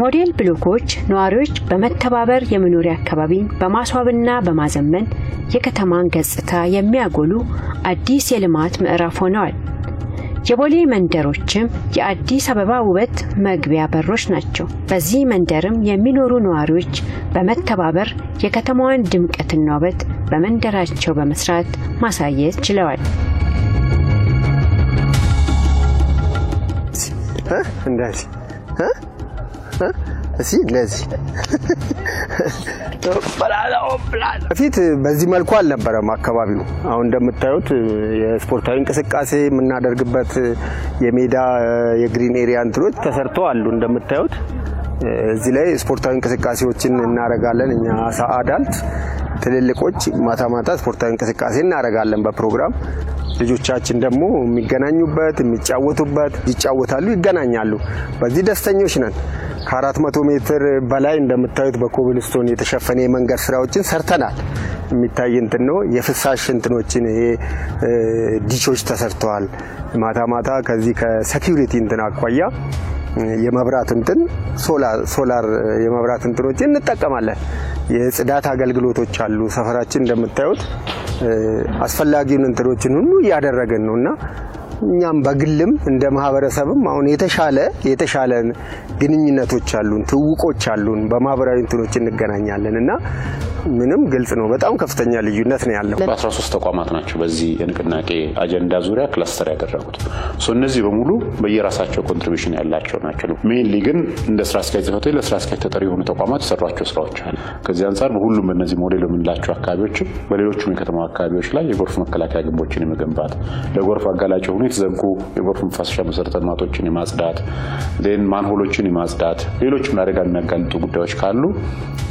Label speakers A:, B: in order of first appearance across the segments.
A: ሞዴል ብሎኮች ነዋሪዎች በመተባበር የመኖሪያ አካባቢን በማስዋብና በማዘመን የከተማን ገጽታ የሚያጎሉ አዲስ የልማት ምዕራፍ ሆነዋል። የቦሌ መንደሮችም የአዲስ አበባ ውበት መግቢያ በሮች ናቸው። በዚህ መንደርም የሚኖሩ ነዋሪዎች በመተባበር የከተማዋን ድምቀትና ውበት በመንደራቸው በመስራት ማሳየት ችለዋል።
B: እንደዚህ እዚህ ለዚህ በፊት በዚህ መልኩ አልነበረም አካባቢው። አሁን እንደምታዩት የስፖርታዊ እንቅስቃሴ የምናደርግበት የሜዳ የግሪን ኤሪያ እንትኖች ተሰርተው አሉ። እንደምታዩት እዚህ ላይ ስፖርታዊ እንቅስቃሴዎችን እናደርጋለን እኛ አሳ አዳልት ትልልቆች ማታ ማታ ስፖርታዊ እንቅስቃሴ እናደርጋለን በፕሮግራም ልጆቻችን ደግሞ የሚገናኙበት የሚጫወቱበት ይጫወታሉ፣ ይገናኛሉ። በዚህ ደስተኞች ነን። ከ400 ሜትር በላይ እንደምታዩት በኮብልስቶን የተሸፈነ የመንገድ ስራዎችን ሰርተናል። የሚታይ እንትን ነው። የፍሳሽ እንትኖችን ይሄ ዲሾች ተሰርተዋል። ማታ ማታ ከዚህ ከሴኪሪቲ እንትን አኳያ የመብራት እንትን ሶላር ሶላር የመብራት እንትኖችን እንጠቀማለን። የጽዳት አገልግሎቶች አሉ። ሰፈራችን እንደምታዩት አስፈላጊውን እንትኖችን ሁሉ እያደረገን ነው እና እኛም በግልም እንደ ማህበረሰብም አሁን የተሻለ የተሻለ ግንኙነቶች አሉን፣ ትውቆች አሉን፣ በማህበራዊ እንትኖች እንገናኛለን እና ምንም ግልጽ ነው። በጣም ከፍተኛ ልዩነት ነው ያለው።
C: በ13 ተቋማት ናቸው በዚህ የንቅናቄ አጀንዳ ዙሪያ ክለስተር ያደረጉት። እነዚህ በሙሉ በየራሳቸው ኮንትሪቢሽን ያላቸው ናቸው። ሜይንሊ ግን እንደ ስራ አስኪያጅ ጽህፈት ቤት ለስራ አስኪያጅ ተጠሪ የሆኑ ተቋማት የሰሯቸው ስራዎች አሉ። ከዚህ አንጻር በሁሉም በእነዚህ ሞዴል በምንላቸው አካባቢዎችም በሌሎችም የከተማ አካባቢዎች ላይ የጎርፍ መከላከያ ግንቦችን የመገንባት ለጎርፍ አጋላጭ የሆኑ የተዘጉ የጎርፍ መፋሰሻ መሰረተ ልማቶችን የማጽዳት ን ማንሆሎችን የማጽዳት ሌሎችም ለአደጋ የሚያጋልጡ ጉዳዮች ካሉ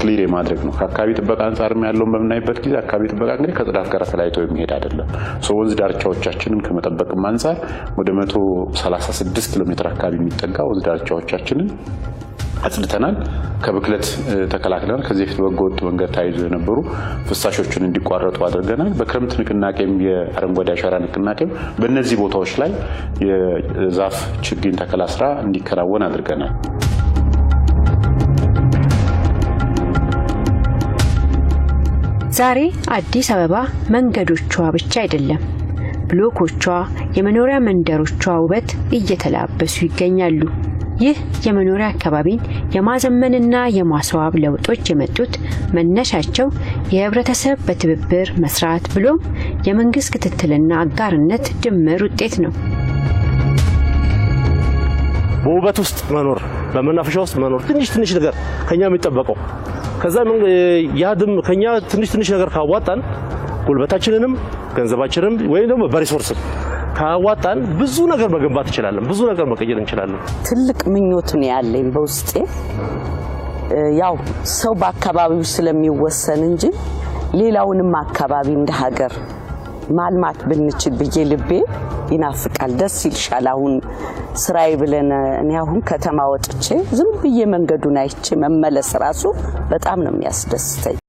C: ክሊር የማድረግ ነው ከአካባቢ ጥበቃ ጥበቃ አንጻርም ያለውን በምናይበት ጊዜ አካባቢ ጥበቃ እንግዲህ ከጽዳት ጋር ተለያይቶ የሚሄድ አይደለም። ወንዝ ዳርቻዎቻችንን ከመጠበቅም አንጻር ወደ 136 ኪሎ ሜትር አካባቢ የሚጠጋ ወንዝ ዳርቻዎቻችንን አጽድተናል። ከብክለት ተከላክለናል። ከዚህ በፊት በጎ ወጥ መንገድ ተያይዞ የነበሩ ፍሳሾችን እንዲቋረጡ አድርገናል። በክረምት ንቅናቄም የአረንጓዴ አሻራ ንቅናቄም በእነዚህ ቦታዎች ላይ የዛፍ ችግኝ ተከላ ስራ እንዲከናወን አድርገናል።
A: ዛሬ አዲስ አበባ መንገዶቿ ብቻ አይደለም፣ ብሎኮቿ፣ የመኖሪያ መንደሮቿ ውበት እየተላበሱ ይገኛሉ። ይህ የመኖሪያ አካባቢን የማዘመንና የማስዋብ ለውጦች የመጡት መነሻቸው የህብረተሰብ በትብብር መስራት ብሎም የመንግስት ክትትልና አጋርነት ድምር ውጤት ነው።
D: በውበት ውስጥ መኖር፣ በመናፈሻ ውስጥ መኖር ትንሽ ትንሽ ነገር ከኛ የሚጠበቀው ከዛ ያድም ከኛ ትንሽ ትንሽ ነገር ካዋጣን ጉልበታችንንም ገንዘባችንም ወይም ደግሞ በሪሶርስ ካዋጣን ብዙ ነገር መገንባት እንችላለን። ብዙ ነገር መቀየር እንችላለን።
E: ትልቅ ምኞት ነው ያለኝ በውስጤ። ያው ሰው በአካባቢው ስለሚወሰን እንጂ ሌላውንም አካባቢ እንደ ሀገር ማልማት ብንችል ብዬ ልቤ ይናፍቃል። ደስ ይልሻል። አሁን ስራዬ ብለን እኔ አሁን ከተማ ወጥቼ ዝም ብዬ መንገዱን አይቼ መመለስ ራሱ በጣም ነው የሚያስደስተኝ።